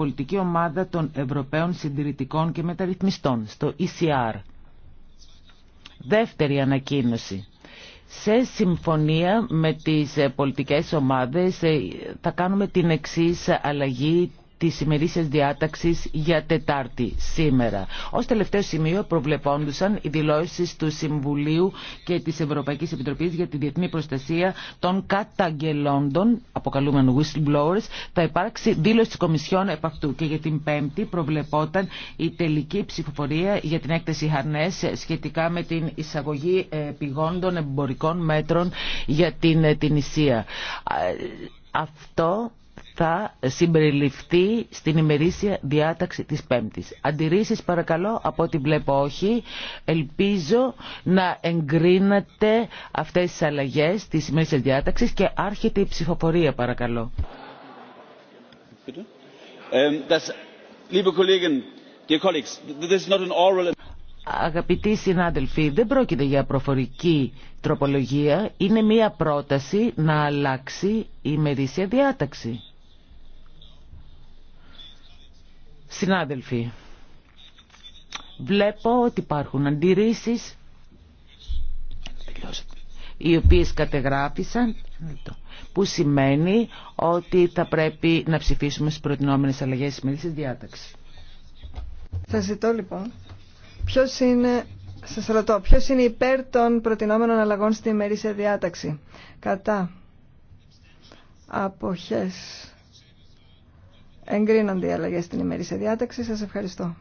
πολιτική ομάδα των Ευρωπαίων Συντηρητικών και Μεταρρυθμιστών, στο ECR. Δεύτερη ανακοίνωση. Σε συμφωνία με τις πολιτικές ομάδες ε, θα κάνουμε την εξής αλλαγή Τη ημερήσιας διάταξης για Τετάρτη σήμερα. Ως τελευταίο σημείο προβλεπόντουσαν οι δηλώσεις του Συμβουλίου και της Ευρωπαϊκής Επιτροπής για τη Διεθνή Προστασία των Καταγγελόντων, αποκαλούμενων whistleblowers, θα υπάρξει δήλωση της Κομισιόν επ' αυτού και για την Πέμπτη προβλεπόταν η τελική ψηφοφορία για την έκθεση Χαρνές σχετικά με την εισαγωγή ε, πηγόντων εμπορικών μέτρων για την ε, Τινησία. Ε, αυτό θα συμπεριληφθεί στην ημερήσια διάταξη της Πέμπτης. Αντιρρήσεις παρακαλώ, από ό,τι βλέπω όχι. Ελπίζω να εγκρίνατε αυτές τις αλλαγές της ημερήσιας διάταξης και άρχεται η ψηφοφορία παρακαλώ. Αγαπητοί συνάδελφοι, δεν πρόκειται για προφορική τροπολογία. Είναι μία πρόταση να αλλάξει η ημερήσια διάταξη. Συνάδελφοι, βλέπω ότι υπάρχουν αντιρρήσεις οι οποίες κατεγράφησαν που σημαίνει ότι θα πρέπει να ψηφίσουμε στις προτινόμενες αλλαγές τη μερικής διάταξη. Σας ζητώ λοιπόν, ποιος είναι, σας ρωτώ, ποιος είναι υπέρ των προτινόμενων αλλαγών στη ημερήσια διάταξη. Κατά. Αποχές. Εγκρίνονται οι αλλαγές στην ημερήσια διάταξη. Σας ευχαριστώ.